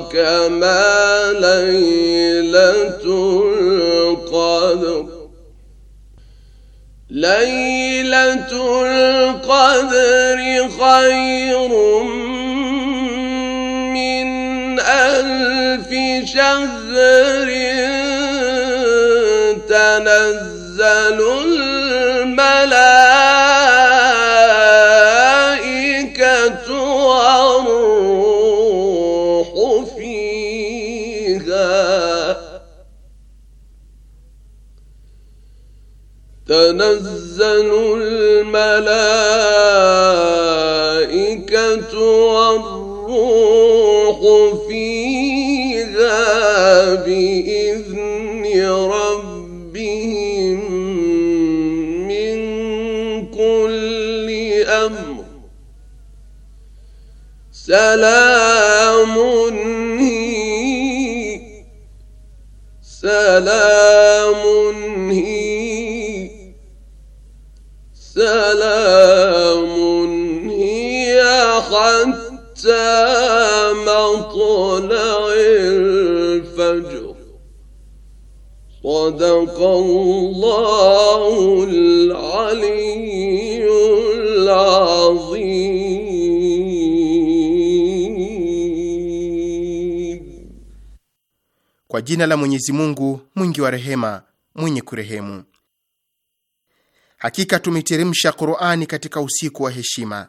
كما ليلة القدر ليلة القدر خير من ألف شهر تنزل تتنزل الملائكة والروح فيها بإذن ربهم من كل أمر سلام هي سلام حتى مطلع الفجر صدق الله العلي Kwa jina la Mwenyezi Mungu mwingi wa rehema mwenye kurehemu. Hakika tumeteremsha Qur'ani katika usiku wa heshima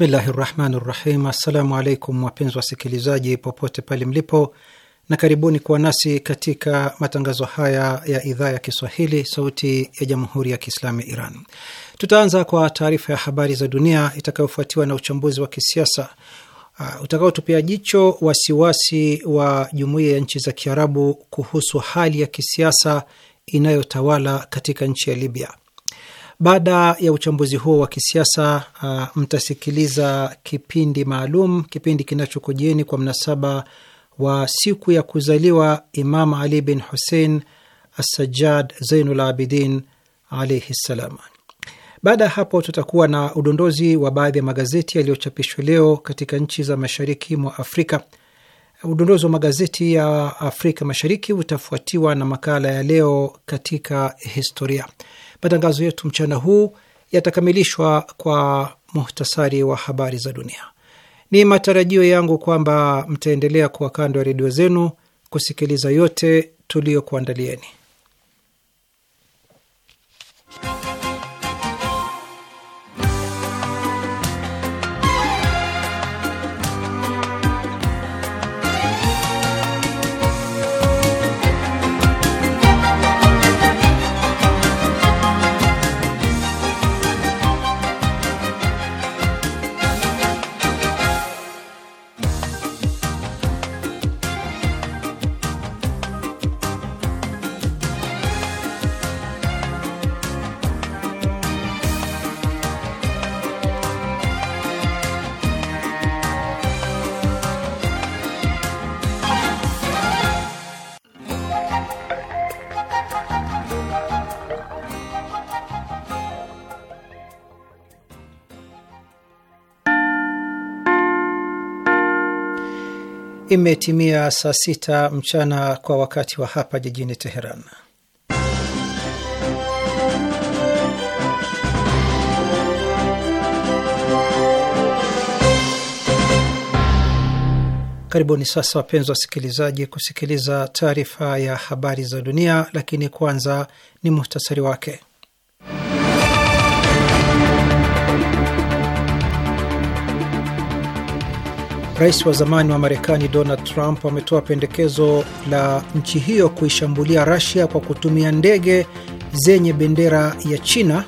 Bismillahi rahmani rahim. Assalamu alaikum wapenzi wasikilizaji popote pale mlipo, na karibuni kuwa nasi katika matangazo haya ya idhaa ya Kiswahili sauti ya jamhuri ya Kiislamu ya Iran. Tutaanza kwa taarifa ya habari za dunia itakayofuatiwa na uchambuzi wa kisiasa uh, utakaotupia jicho wasiwasi wa jumuiya ya nchi za Kiarabu kuhusu hali ya kisiasa inayotawala katika nchi ya Libya. Baada ya uchambuzi huo wa kisiasa uh, mtasikiliza kipindi maalum, kipindi kinachokujieni kwa mnasaba wa siku ya kuzaliwa Imam Ali bin Hussein Assajad Zainul Abidin alaihi ssalam. Baada ya hapo, tutakuwa na udondozi wa baadhi ya magazeti yaliyochapishwa leo katika nchi za mashariki mwa Afrika. Udondozi wa magazeti ya Afrika Mashariki utafuatiwa na makala ya leo katika historia. Matangazo yetu mchana huu yatakamilishwa kwa muhtasari wa habari za dunia. Ni matarajio yangu kwamba mtaendelea kuwa kando ya redio zenu kusikiliza yote tuliyokuandalieni. Imetimia saa sita mchana kwa wakati wa hapa jijini Teheran. Karibuni sasa wapenzi wasikilizaji, kusikiliza taarifa ya habari za dunia, lakini kwanza ni muhtasari wake. Rais wa zamani wa Marekani Donald Trump ametoa pendekezo la nchi hiyo kuishambulia Russia kwa kutumia ndege zenye bendera ya China.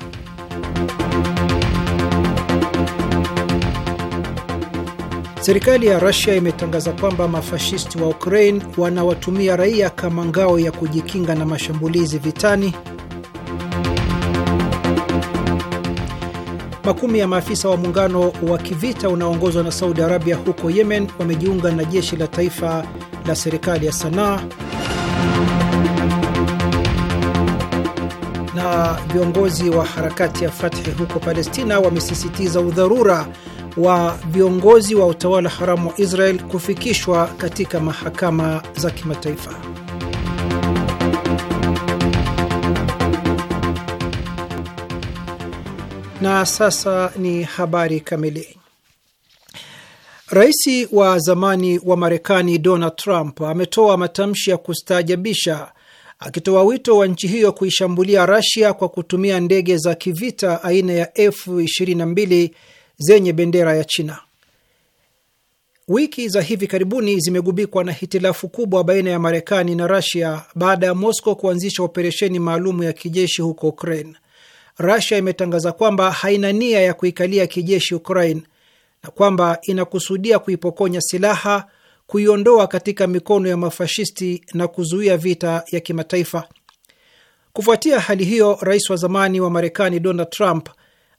Serikali ya Russia imetangaza kwamba mafashisti wa Ukraine wanawatumia raia kama ngao ya kujikinga na mashambulizi vitani. Makumi ya maafisa wa muungano wa kivita unaoongozwa na Saudi Arabia huko Yemen wamejiunga na jeshi la taifa la serikali ya Sanaa, na viongozi wa harakati ya Fathi huko Palestina wamesisitiza udharura wa viongozi wa utawala haramu wa Israel kufikishwa katika mahakama za kimataifa. Na sasa ni habari kamili. Rais wa zamani wa Marekani Donald Trump ametoa matamshi ya kustaajabisha akitoa wito wa nchi hiyo kuishambulia Rasia kwa kutumia ndege za kivita aina ya F22 zenye bendera ya China. Wiki za hivi karibuni zimegubikwa na hitilafu kubwa baina ya Marekani na Rasia baada ya Moscow kuanzisha operesheni maalumu ya kijeshi huko Ukraine. Rasia imetangaza kwamba haina nia ya kuikalia kijeshi Ukraine na kwamba inakusudia kuipokonya silaha, kuiondoa katika mikono ya mafashisti na kuzuia vita ya kimataifa. Kufuatia hali hiyo, rais wa zamani wa Marekani Donald Trump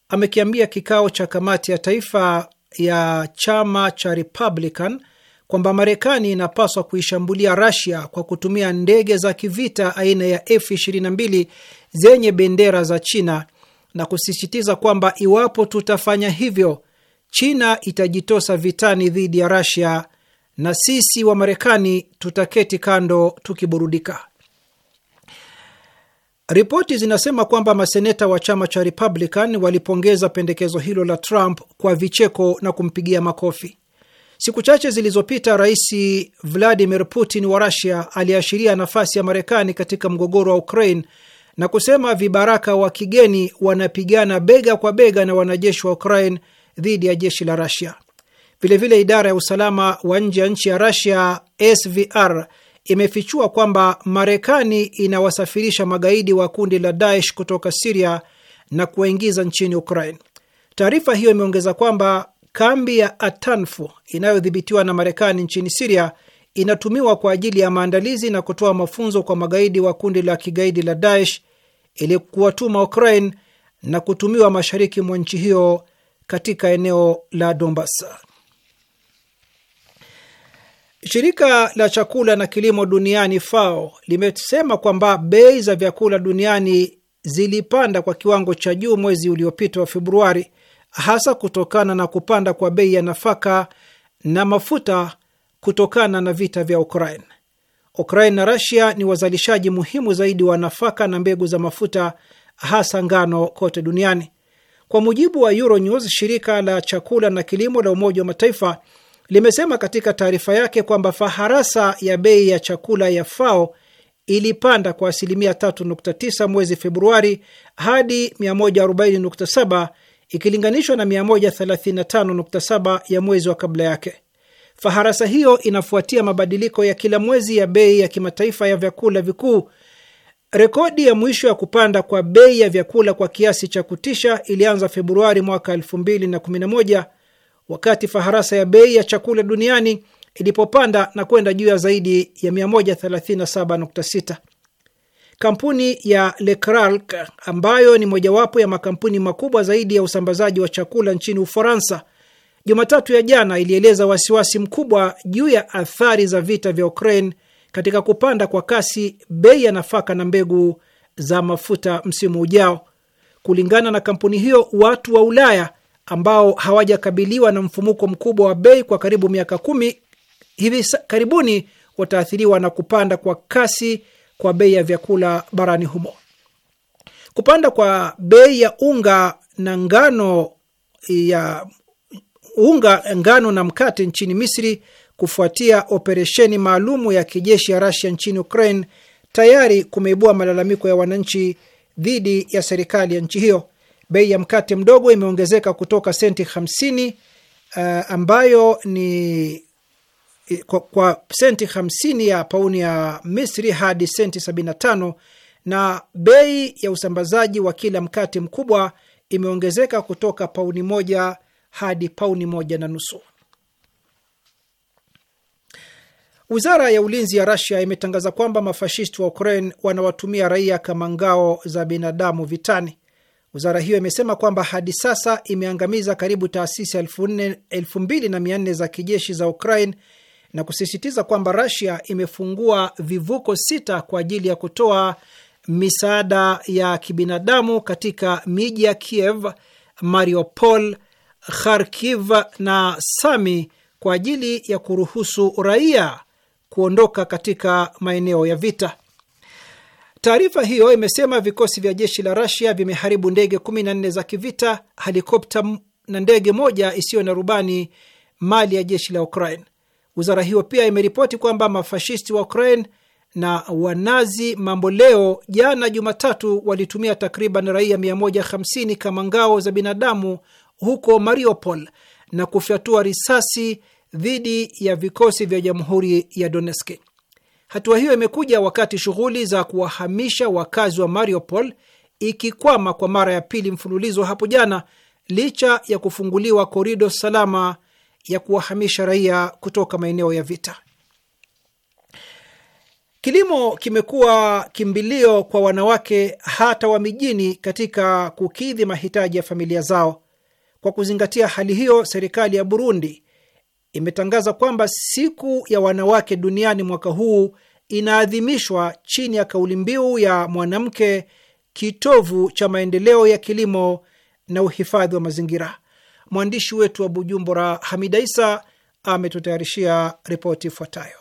amekiambia kikao cha kamati ya taifa ya chama cha Republican kwamba Marekani inapaswa kuishambulia Rasia kwa kutumia ndege za kivita aina ya F22 zenye bendera za China na kusisitiza kwamba iwapo tutafanya hivyo, China itajitosa vitani dhidi ya Russia na sisi wa Marekani tutaketi kando tukiburudika. Ripoti zinasema kwamba maseneta wa chama cha Republican walipongeza pendekezo hilo la Trump kwa vicheko na kumpigia makofi. Siku chache zilizopita, Rais Vladimir Putin wa Russia aliashiria nafasi ya Marekani katika mgogoro wa Ukraine na kusema vibaraka wa kigeni wanapigana bega kwa bega na wanajeshi wa Ukraine dhidi ya jeshi la Rasia. Vilevile, idara ya usalama wa nje ya nchi ya Rasia SVR imefichua kwamba Marekani inawasafirisha magaidi wa kundi la Daesh kutoka Siria na kuwaingiza nchini Ukraine. Taarifa hiyo imeongeza kwamba kambi ya Atanfu inayodhibitiwa na Marekani nchini Siria inatumiwa kwa ajili ya maandalizi na kutoa mafunzo kwa magaidi wa kundi la kigaidi la Daesh ili kuwatuma Ukraine na kutumiwa mashariki mwa nchi hiyo katika eneo la Donbas. Shirika la chakula na kilimo duniani FAO limesema kwamba bei za vyakula duniani zilipanda kwa kiwango cha juu mwezi uliopita wa Februari, hasa kutokana na kupanda kwa bei ya nafaka na mafuta kutokana na vita vya Ukraine. Ukraine na Rasia ni wazalishaji muhimu zaidi wa nafaka na mbegu za mafuta, hasa ngano, kote duniani. Kwa mujibu wa Euronews, shirika la chakula na kilimo la Umoja wa Mataifa limesema katika taarifa yake kwamba faharasa ya bei ya chakula ya FAO ilipanda kwa asilimia 3.9 mwezi Februari hadi 140.7 ikilinganishwa na 135.7 ya mwezi wa kabla yake. Faharasa hiyo inafuatia mabadiliko ya kila mwezi ya bei ya kimataifa ya vyakula vikuu. Rekodi ya mwisho ya kupanda kwa bei ya vyakula kwa kiasi cha kutisha ilianza Februari mwaka 2011 wakati faharasa ya bei ya chakula duniani ilipopanda na kwenda juu ya zaidi ya 137.6. Kampuni ya Leclerc ambayo ni mojawapo ya makampuni makubwa zaidi ya usambazaji wa chakula nchini Ufaransa Jumatatu ya jana ilieleza wasiwasi mkubwa juu ya athari za vita vya Ukraine katika kupanda kwa kasi bei ya nafaka na mbegu za mafuta msimu ujao. Kulingana na kampuni hiyo, watu wa Ulaya ambao hawajakabiliwa na mfumuko mkubwa wa bei kwa karibu miaka kumi, hivi karibuni wataathiriwa na kupanda kwa kasi kwa bei ya vyakula barani humo. Kupanda kwa bei ya unga na ngano ya unga ngano na mkate nchini Misri kufuatia operesheni maalumu ya kijeshi ya rasia nchini Ukraine tayari kumeibua malalamiko ya wananchi dhidi ya serikali ya nchi hiyo. Bei ya mkate mdogo imeongezeka kutoka senti 50 uh, eh, ambayo ni eh, kwa, kwa senti 50 ya pauni ya Misri hadi senti 75 na bei ya usambazaji wa kila mkate mkubwa imeongezeka kutoka pauni moja hadi pauni moja na nusu. Wizara ya ulinzi ya Rasia imetangaza kwamba mafashisti wa Ukraine wanawatumia raia kama ngao za binadamu vitani. Wizara hiyo imesema kwamba hadi sasa imeangamiza karibu taasisi elfu mbili na mia nne za kijeshi za Ukraine na kusisitiza kwamba Rasia imefungua vivuko sita kwa ajili ya kutoa misaada ya kibinadamu katika miji ya Kiev, Mariupol, Kharkiv na Sami kwa ajili ya kuruhusu raia kuondoka katika maeneo ya vita. Taarifa hiyo imesema vikosi vya jeshi la Rasia vimeharibu ndege 14 za kivita, helikopta na ndege moja isiyo na rubani mali ya jeshi la Ukraine. Wizara hiyo pia imeripoti kwamba mafashisti wa Ukraine na wanazi mambo leo jana Jumatatu walitumia takriban raia 150 kama ngao za binadamu huko Mariupol na kufyatua risasi dhidi ya vikosi vya jamhuri ya Donetsk. Hatua hiyo imekuja wakati shughuli za kuwahamisha wakazi wa Mariupol ikikwama kwa mara ya pili mfululizo hapo jana, licha ya kufunguliwa korido salama ya kuwahamisha raia kutoka maeneo ya vita. Kilimo kimekuwa kimbilio kwa wanawake hata wa mijini katika kukidhi mahitaji ya familia zao. Kwa kuzingatia hali hiyo, serikali ya Burundi imetangaza kwamba siku ya wanawake duniani mwaka huu inaadhimishwa chini ya kauli mbiu ya mwanamke kitovu cha maendeleo ya kilimo na uhifadhi wa mazingira. Mwandishi wetu wa Bujumbura, Hamida Isa, ametutayarishia ripoti ifuatayo.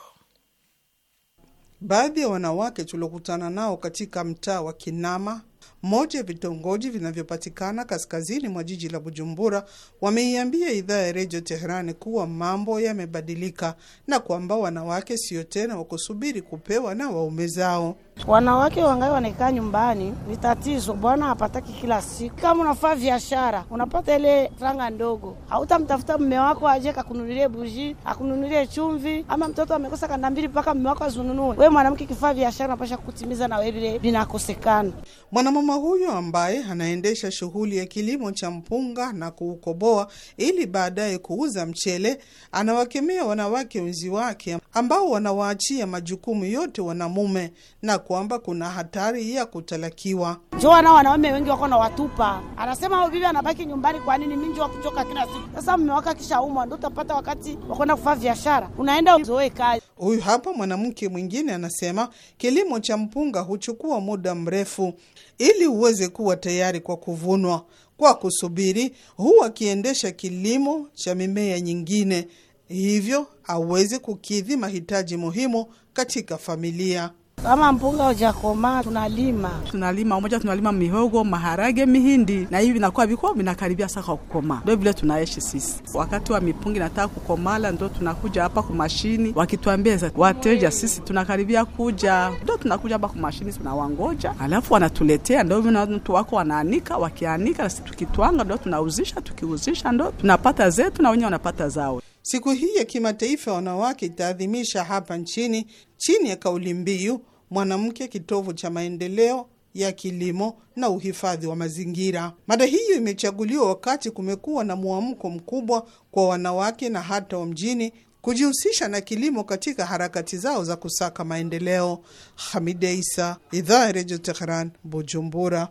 Baadhi ya wanawake tuliokutana nao katika mtaa wa Kinama moja ya vitongoji vinavyopatikana kaskazini mwa jiji la Bujumbura, wameiambia idhaa ya redio Teherani kuwa mambo yamebadilika na kwamba wanawake sio tena wakusubiri kupewa na waume zao. Wanawake wangai wanekaa nyumbani ni tatizo, bwana hapataki kila siku. Kama unafaa biashara, unapata ile franga ndogo, hautamtafuta mme wako aje kakununulie buji, akununulie chumvi, ama mtoto amekosa kanda mbili mpaka mme wako azununue. We mwanamke kifaa biashara, unapasha kutimiza na wewe vile vinakosekana. mwanamama Mkulima huyo ambaye anaendesha shughuli ya kilimo cha mpunga na kuukoboa ili baadaye kuuza mchele, anawakemea wanawake wenzi wake ambao wanawaachia majukumu yote wanamume, na kwamba kuna hatari ya kutalakiwa. Njoo na wanaume wengi wako na watupa, anasema hao bibi anabaki nyumbani, kwa nini mimi njoo kuchoka kila siku? Sasa mmewaka kisha umwa, ndo utapata wakati wa kwenda kufanya biashara, unaenda uzoe kazi. Huyu hapa mwanamke mwingine anasema kilimo cha mpunga huchukua muda mrefu ili uweze kuwa tayari kwa kuvunwa. Kwa kusubiri, huwa akiendesha kilimo cha mimea nyingine, hivyo hawezi kukidhi mahitaji muhimu katika familia. Kama mpunga ujakoma tunalima, tunalima umoja, tunalima mihogo, maharage, mihindi na hivi vinakuwa viko vinakaribia saka kukoma, ndo vile tunaishi sisi. Wakati wa mipungi nataka kukomala, ndo tunakuja hapa kumashini mashini, wakituambia wateja sisi tunakaribia kuja, ndo tunakuja hapa kumashini tunawangoja, alafu wanatuletea, ndio mtu wako wanaanika, wakianika sisi tukitwanga, ndo tunauzisha, tukiuzisha ndo tunapata zetu na wenyewe wanapata zao. Siku hii ya kimataifa ya wanawake itaadhimisha hapa nchini chini ya kauli mbiu mwanamke kitovu cha maendeleo ya kilimo na uhifadhi wa mazingira. Mada hiyo imechaguliwa wakati kumekuwa na mwamko mkubwa kwa wanawake na hata wa mjini kujihusisha na kilimo katika harakati zao za kusaka maendeleo. Hamida Isa, idhaa ya redio Tehran, Bujumbura.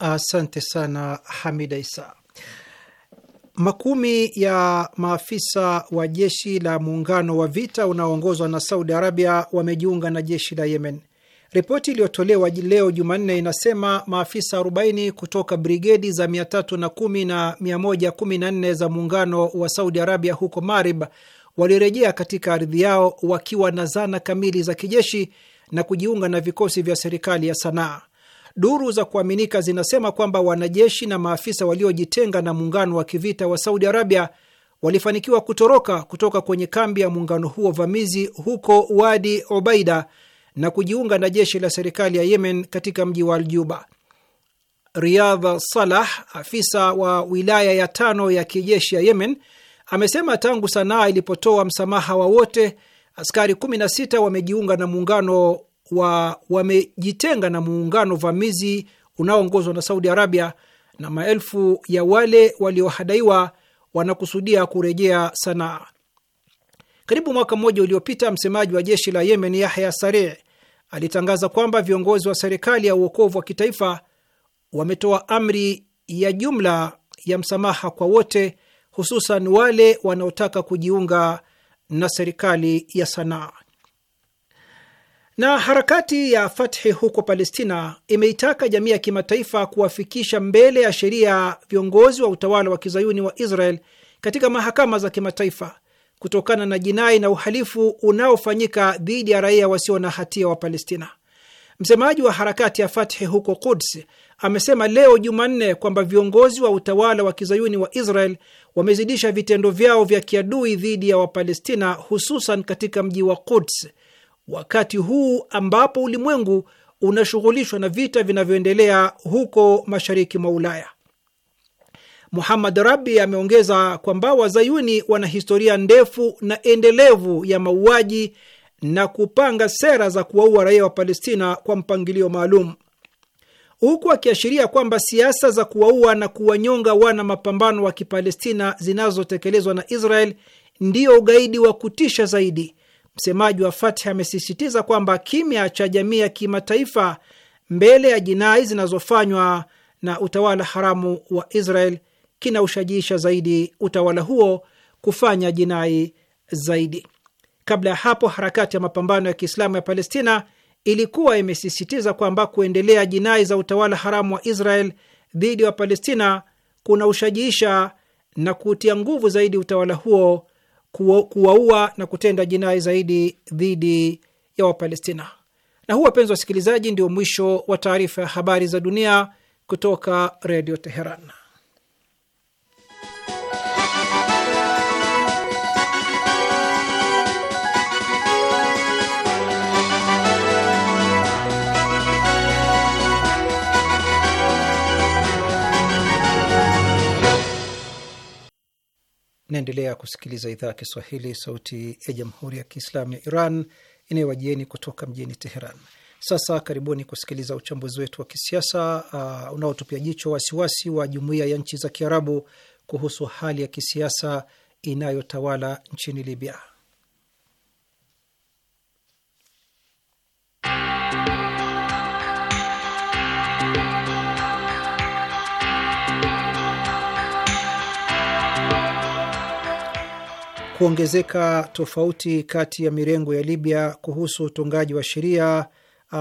Asante sana Hamida Isa. Makumi ya maafisa wa jeshi la muungano wa vita unaoongozwa na Saudi Arabia wamejiunga na jeshi la Yemen. Ripoti iliyotolewa leo Jumanne inasema maafisa 40 kutoka brigedi za 310 na 114 za muungano wa Saudi Arabia huko Marib walirejea katika ardhi yao wakiwa na zana kamili za kijeshi na kujiunga na vikosi vya serikali ya Sanaa. Duru za kuaminika zinasema kwamba wanajeshi na maafisa waliojitenga na muungano wa kivita wa Saudi Arabia walifanikiwa kutoroka kutoka kwenye kambi ya muungano huo vamizi huko Wadi Obaida na kujiunga na jeshi la serikali ya Yemen katika mji wa Aljuba. Riyadh Salah, afisa wa wilaya ya tano ya kijeshi ya Yemen, amesema tangu Sanaa ilipotoa msamaha wa wote, askari 16 wamejiunga na muungano wa wamejitenga na muungano vamizi unaoongozwa na Saudi Arabia, na maelfu ya wale waliohadaiwa wanakusudia kurejea Sanaa. Karibu mwaka mmoja uliopita, msemaji wa jeshi la Yemen Yahya Sari alitangaza kwamba viongozi wa serikali ya uokovu wa kitaifa wametoa amri ya jumla ya msamaha kwa wote, hususan wale wanaotaka kujiunga na serikali ya Sanaa. Na harakati ya Fathi huko Palestina imeitaka jamii ya kimataifa kuwafikisha mbele ya sheria viongozi wa utawala wa kizayuni wa Israel katika mahakama za kimataifa kutokana na jinai na uhalifu unaofanyika dhidi ya raia wasio na hatia wa Palestina. Msemaji wa harakati ya Fathi huko Quds amesema leo Jumanne kwamba viongozi wa utawala wa kizayuni wa Israel wamezidisha vitendo vyao vya kiadui dhidi ya Wapalestina, hususan katika mji wa Quds wakati huu ambapo ulimwengu unashughulishwa na vita vinavyoendelea huko mashariki mwa Ulaya. Muhammad Rabi ameongeza kwamba wazayuni wana historia ndefu na endelevu ya mauaji na kupanga sera za kuwaua raia wa Palestina kwa mpangilio maalum, huku akiashiria kwamba siasa za kuwaua na kuwanyonga wana mapambano wa Kipalestina zinazotekelezwa na Israel ndiyo ugaidi wa kutisha zaidi Msemaji wa Fatah amesisitiza kwamba kimya cha jamii ya kimataifa mbele ya jinai zinazofanywa na utawala haramu wa Israel kinaushajiisha zaidi utawala huo kufanya jinai zaidi. Kabla ya hapo, harakati ya mapambano ya Kiislamu ya Palestina ilikuwa imesisitiza kwamba kuendelea jinai za utawala haramu wa Israel dhidi ya Wapalestina kuna ushajiisha na kutia nguvu zaidi utawala huo kuwaua na kutenda jinai zaidi dhidi ya Wapalestina. Na huu, wapenzi wasikilizaji, ndio mwisho wa taarifa ya habari za dunia kutoka Redio Teheran. Naendelea kusikiliza idhaa ya Kiswahili, sauti ya jamhuri ya kiislamu ya Iran inayowajieni kutoka mjini Teheran. Sasa karibuni kusikiliza uchambuzi wetu wa kisiasa uh, unaotupia jicho wasiwasi wa jumuiya ya nchi za Kiarabu kuhusu hali ya kisiasa inayotawala nchini Libya. kuongezeka tofauti kati ya mirengo ya Libya kuhusu utungaji wa sheria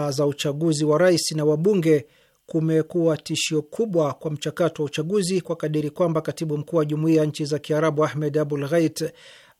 za uchaguzi wa rais na wabunge kumekuwa tishio kubwa kwa mchakato wa uchaguzi kwa kadiri kwamba katibu mkuu wa jumuiya ya nchi za Kiarabu Ahmed Abul Ghait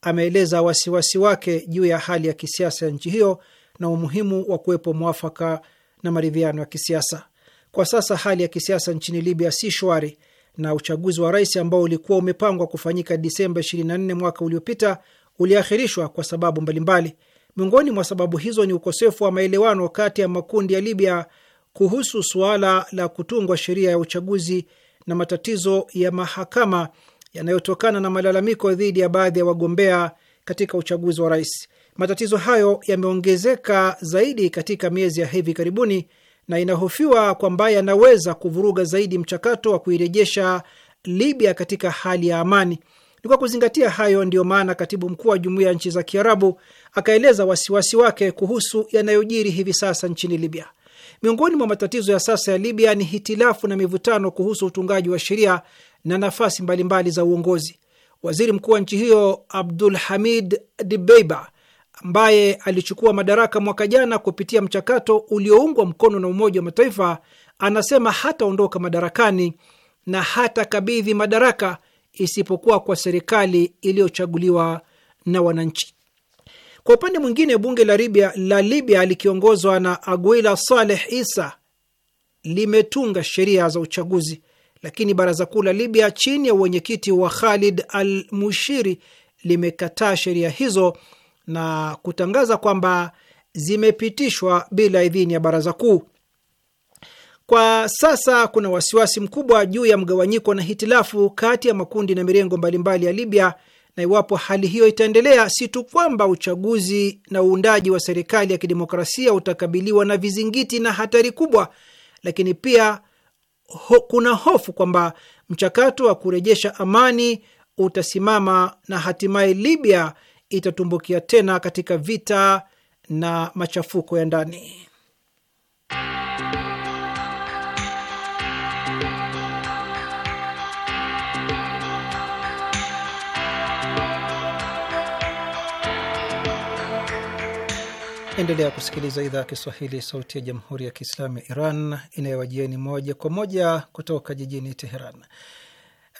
ameeleza wasiwasi wake juu ya hali ya kisiasa ya nchi hiyo na umuhimu wa kuwepo mwafaka na maridhiano ya kisiasa. Kwa sasa hali ya kisiasa nchini Libya si shwari na uchaguzi wa rais ambao ulikuwa umepangwa kufanyika Disemba 24 mwaka uliopita uliahirishwa kwa sababu mbalimbali. Miongoni mwa sababu hizo ni ukosefu wa maelewano kati ya makundi ya Libya kuhusu suala la kutungwa sheria ya uchaguzi na matatizo ya mahakama yanayotokana na malalamiko dhidi ya baadhi ya wagombea katika uchaguzi wa rais. Matatizo hayo yameongezeka zaidi katika miezi ya hivi karibuni na inahofiwa kwamba yanaweza kuvuruga zaidi mchakato wa kuirejesha Libya katika hali ya amani. Ni kwa kuzingatia hayo ndiyo maana katibu mkuu wa Jumuiya ya Nchi za Kiarabu akaeleza wasiwasi wake kuhusu yanayojiri hivi sasa nchini Libya. Miongoni mwa matatizo ya sasa ya Libya ni hitilafu na mivutano kuhusu utungaji wa sheria na nafasi mbalimbali za uongozi. Waziri mkuu wa nchi hiyo Abdul Hamid Dibeiba ambaye alichukua madaraka mwaka jana kupitia mchakato ulioungwa mkono na Umoja wa Mataifa, anasema hataondoka madarakani na hatakabidhi madaraka isipokuwa kwa serikali iliyochaguliwa na wananchi. Kwa upande mwingine, bunge la Libya, la Libya likiongozwa na Aguila Saleh Isa limetunga sheria za uchaguzi, lakini baraza kuu la Libya chini ya uwenyekiti wa Khalid Al Mushiri limekataa sheria hizo na kutangaza kwamba zimepitishwa bila idhini ya baraza kuu. Kwa sasa kuna wasiwasi mkubwa juu ya mgawanyiko na hitilafu kati ya makundi na mirengo mbalimbali ya Libya, na iwapo hali hiyo itaendelea, si tu kwamba uchaguzi na uundaji wa serikali ya kidemokrasia utakabiliwa na vizingiti na hatari kubwa, lakini pia ho, kuna hofu kwamba mchakato wa kurejesha amani utasimama na hatimaye Libya itatumbukia tena katika vita na machafuko ya ndani. Endelea kusikiliza idhaa ya Kiswahili, sauti ya jamhuri ya kiislamu ya Iran inayowajieni moja kwa moja kutoka jijini Teheran.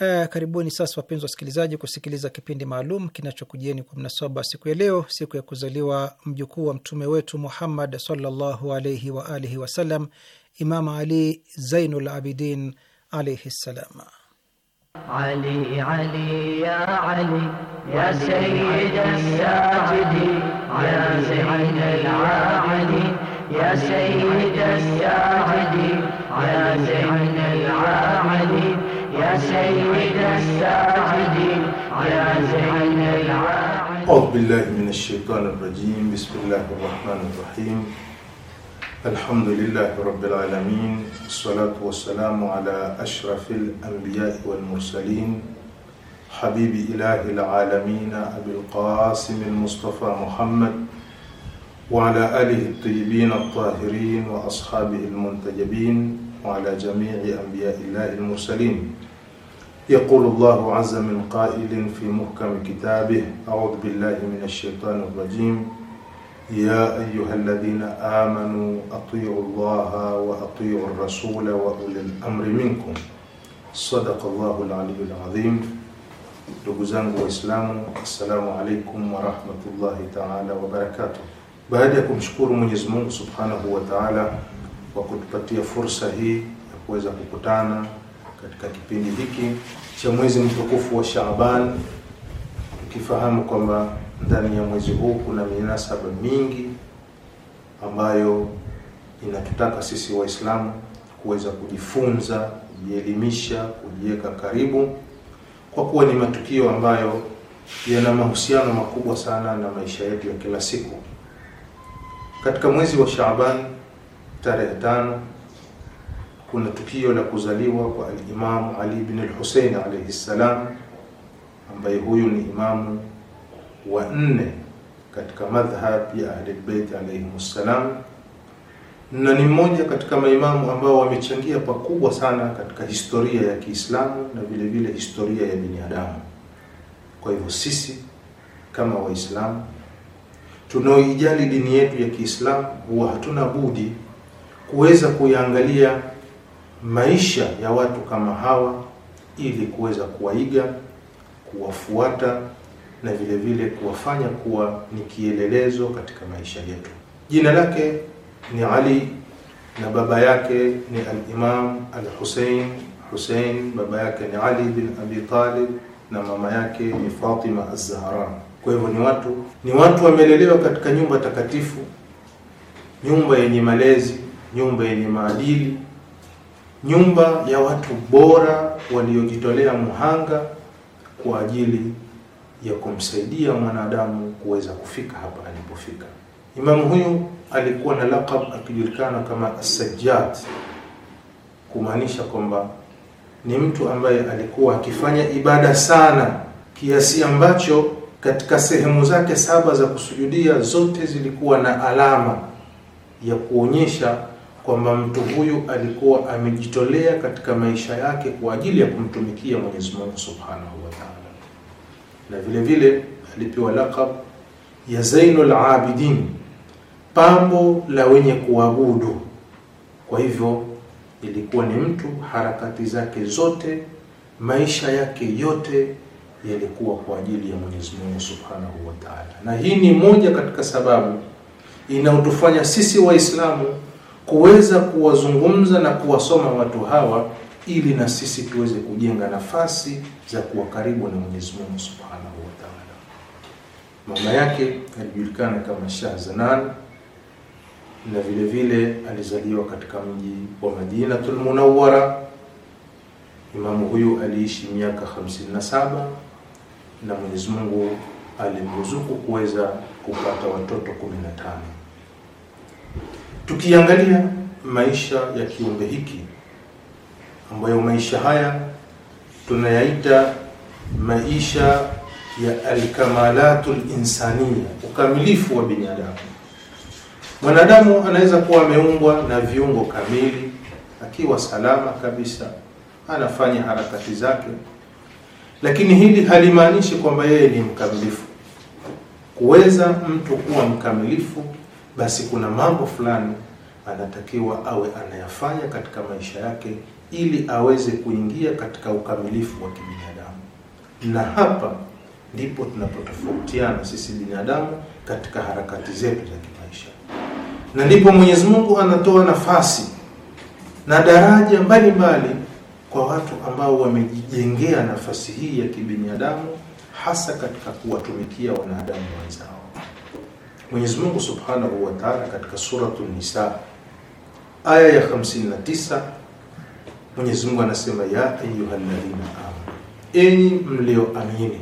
Uh, karibuni sasa wapenzi wasikilizaji, kusikiliza kipindi maalum kinachokujieni kwa mnasaba siku ya leo, siku ya kuzaliwa mjukuu wa mtume wetu Muhammad sallallahu alaihi wa alihi wasallam, Imam Ali Zainul Abidin alaihi ssalam. Ali, Ali, ya Ali, ya sayyid as-sajidi, ya sayyid al-ali, ya sayyid as-sajidi, ya sayyid al-ali سيد يا زين أعوذ بالله من الشيطان الرجيم بسم الله الرحمن الرحيم الحمد لله رب العالمين والصلاة والسلام على أشرف الأنبياء والمرسلين حبيب إله العالمين أبي القاسم المصطفى محمد وعلى آله الطيبين الطاهرين وأصحابه المنتجبين وعلى جميع أنبياء الله المرسلين يقول الله عز من قائل في محكم كتابه أعوذ بالله من الشيطان الرجيم يا أيها الذين آمنوا أطيعوا الله وأطيعوا الرسول وأولي الأمر منكم صدق الله العلي العظيم لبزان وإسلام السلام عليكم ورحمة الله تعالى وبركاته بهديكم شكور من سبحانه وتعالى وقد فرصة هي kuweza kukutana katika kipindi hiki cha mwezi mtukufu wa Shaaban, tukifahamu kwamba ndani ya mwezi huu kuna minasaba mingi ambayo inatutaka sisi Waislamu kuweza kujifunza, kujielimisha, kujiweka karibu, kwa kuwa ni matukio ambayo yana mahusiano makubwa sana na maisha yetu ya kila siku. Katika mwezi wa Shaaban tarehe tano kuna tukio la kuzaliwa kwa alimamu Ali ibn al-Hussein alayhi salam, ambaye huyu ni imamu wa nne katika madhhab ya Ahlul Bait salam, na ni mmoja katika maimamu ambao wamechangia pakubwa sana katika historia ya Kiislamu na vile vile historia ya binadamu. Kwa hivyo sisi kama Waislamu tunaoijali dini yetu ya Kiislamu huwa hatuna budi kuweza kuiangalia maisha ya watu kama hawa ili kuweza kuwaiga, kuwafuata na vile vile kuwafanya kuwa ni kielelezo katika maisha yetu. Jina lake ni Ali na baba yake ni al-Imam al-Hussein. Hussein baba yake ni Ali bin Abi Talib na mama yake ni Fatima az-Zahra. Kwa hivyo ni watu ni watu wamelelewa katika nyumba takatifu, nyumba yenye malezi, nyumba yenye maadili nyumba ya watu bora waliojitolea mhanga kwa ajili ya kumsaidia mwanadamu kuweza kufika hapa alipofika. Imamu huyu alikuwa na laqab akijulikana kama As-Sajjad, kumaanisha kwamba ni mtu ambaye alikuwa akifanya ibada sana kiasi ambacho katika sehemu zake saba za kusujudia zote zilikuwa na alama ya kuonyesha kwamba mtu huyu alikuwa amejitolea katika maisha yake kwa ajili ya kumtumikia Mwenyezi Mungu Subhanahu wa Ta'ala, na vile vile alipewa laqab ya Zainul Abidin, pambo la wenye kuabudu. Kwa hivyo ilikuwa ni mtu, harakati zake zote, maisha yake yote yalikuwa kwa ajili ya Mwenyezi Mungu Subhanahu wa Ta'ala, na hii ni moja katika sababu inayotufanya sisi Waislamu kuweza kuwazungumza na kuwasoma watu hawa ili na sisi tuweze kujenga nafasi za kuwa karibu na Mwenyezi Mungu Subhanahu wa Ta'ala. Mama yake alijulikana kama Shah Zanan na vile vile alizaliwa katika mji wa Madinatul Munawwara. Imamu huyu aliishi miaka 57 na Mwenyezi Mungu alimruzuku kuweza kupata watoto 15. Tukiangalia maisha ya kiumbe hiki ambayo maisha haya tunayaita maisha ya alkamalatul insania, ukamilifu wa binadamu. Mwanadamu anaweza kuwa ameumbwa na viungo kamili, akiwa salama kabisa, anafanya harakati zake, lakini hili halimaanishi kwamba yeye ni mkamilifu. Kuweza mtu kuwa mkamilifu basi kuna mambo fulani anatakiwa awe anayafanya katika maisha yake ili aweze kuingia katika ukamilifu wa kibinadamu. Na hapa ndipo tunapotofautiana sisi binadamu katika harakati zetu za kimaisha, na ndipo Mwenyezi Mungu anatoa nafasi na daraja mbalimbali kwa watu ambao wamejijengea nafasi hii ya kibinadamu, hasa katika kuwatumikia wanadamu wenzao. Mwenyezi Mungu Subhanahu wa Ta'ala katika suratu Nisa aya ya 59 Mwenyezi Mungu anasema ya ayyuhalladhina amanu, enyi mlioamini.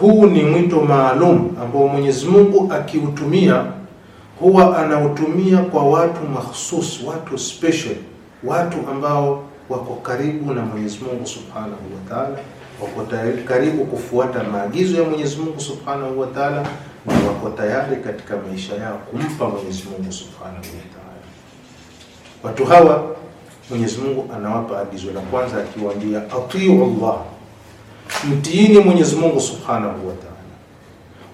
Huu ni mwito maalum ambao Mwenyezi Mungu akiutumia huwa anautumia kwa watu mahsus, watu special, watu ambao wako karibu na Mwenyezi Mungu Subhanahu wa Ta'ala, wako karibu kufuata maagizo ya Mwenyezi Mungu Subhanahu wa Ta'ala na wako tayari katika maisha yao kumpa Mwenyezi Mungu Subhanahu wa Ta'ala. Watu hawa Mwenyezi Mungu anawapa agizo la kwanza akiwaambia atiu Allah, mtiini Mwenyezi Mungu Subhanahu wa Ta'ala,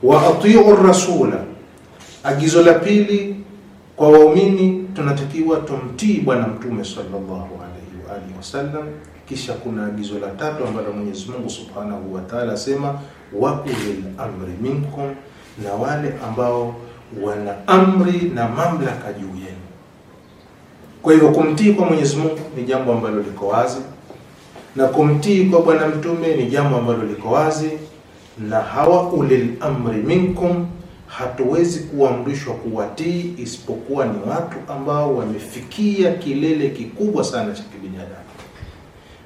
wa atiu rasula. Agizo la pili kwa waumini tunatakiwa tumtii Bwana Mtume sallallahu alaihi wa alihi wasallam. Kisha kuna agizo la tatu ambalo Mwenyezi Mungu Subhanahu wa Ta'ala asema wa ulil amri minkum na wale ambao wana amri na mamlaka juu yenu. Kwa hivyo kumtii kwa Mwenyezi Mungu ni jambo ambalo liko wazi, na kumtii kwa Bwana Mtume ni jambo ambalo liko wazi, na hawa ulil amri minkum, hatuwezi kuamrishwa kuwatii isipokuwa ni watu ambao wamefikia kilele kikubwa sana cha kibinadamu,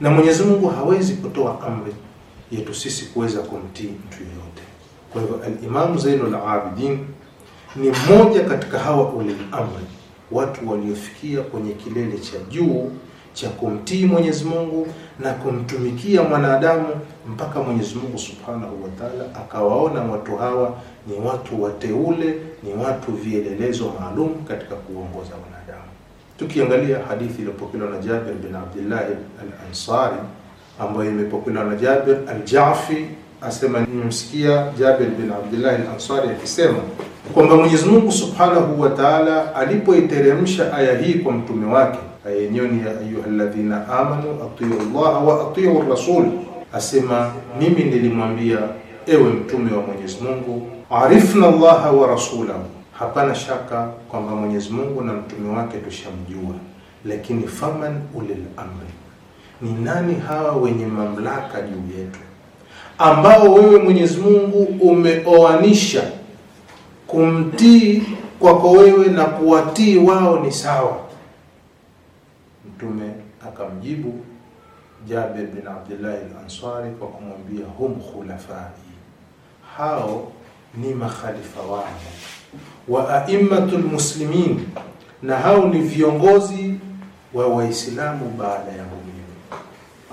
na Mwenyezi Mungu hawezi kutoa amri yetu sisi kuweza kumtii mtu yeyote. Kwa hivyo Alimamu Zainul Abidin ni mmoja katika hawa ulil amri, watu waliofikia kwenye kilele cha juu cha kumtii Mwenyezi Mungu na kumtumikia mwanadamu mpaka Mwenyezi Mungu Subhanahu wa Ta'ala akawaona watu hawa ni watu wateule, ni watu vielelezo maalum katika kuongoza wanadamu. Tukiangalia hadithi iliyopokelewa na Jabir bin Abdullah al-Ansari ambayo imepokelewa na Jabir al-Ja'fi asema nimemsikia Jabir bin Abdullah al-Ansari akisema kwamba Mwenyezi Mungu Subhanahu wa Ta'ala alipoiteremsha aya hii kwa mtume wake, aya yenyewe ni ya ayyuhalladhina amanu atiu llaha wa atiu rasul, asema mimi nilimwambia ewe mtume wa Mwenyezi Mungu, arifna llaha wa rasulahu, hapana shaka kwamba Mwenyezi Mungu na mtume wake tushamjua, lakini faman ulil amri, ni nani hawa wenye mamlaka juu yetu? ambao wewe Mwenyezi Mungu umeoanisha kumtii kwako wewe na kuwatii wao ni sawa. Mtume akamjibu Jabir bin Abdullah al-Ansari kwa kumwambia hum khulafai, hao ni makhalifa wangu, wa aimmatul muslimin, na hao ni viongozi wa Waislamu baada yangu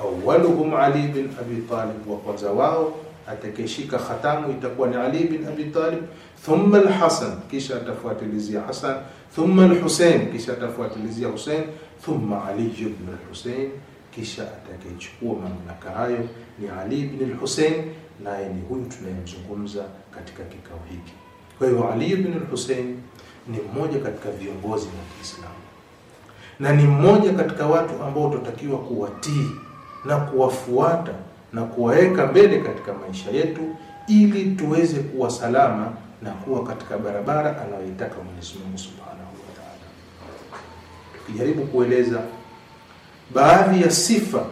awwaluhum Ali bin Abi Talib, wa kwanza wao atakeshika khatamu itakuwa ni Ali bin Abi Talib, thumma al-Hasan, kisha atafuatilizia Hasan, thumma al husayn kisha atafuatilizia Husayn, thumma Ali ibn al husayn kisha atakayechukua mamlaka hayo ni Ali ibn al husayn naye ni huyu tunayemzungumza katika kikao hiki. Kwa hiyo Ali ibn al husayn ni mmoja katika viongozi wa Kiislamu na ni mmoja katika watu ambao tutatakiwa kuwatii na kuwafuata na kuwaweka mbele katika maisha yetu, ili tuweze kuwa salama na kuwa katika barabara anayoitaka Mwenyezi Mungu Subhanahu wa Ta'ala. Tukijaribu kueleza baadhi ya sifa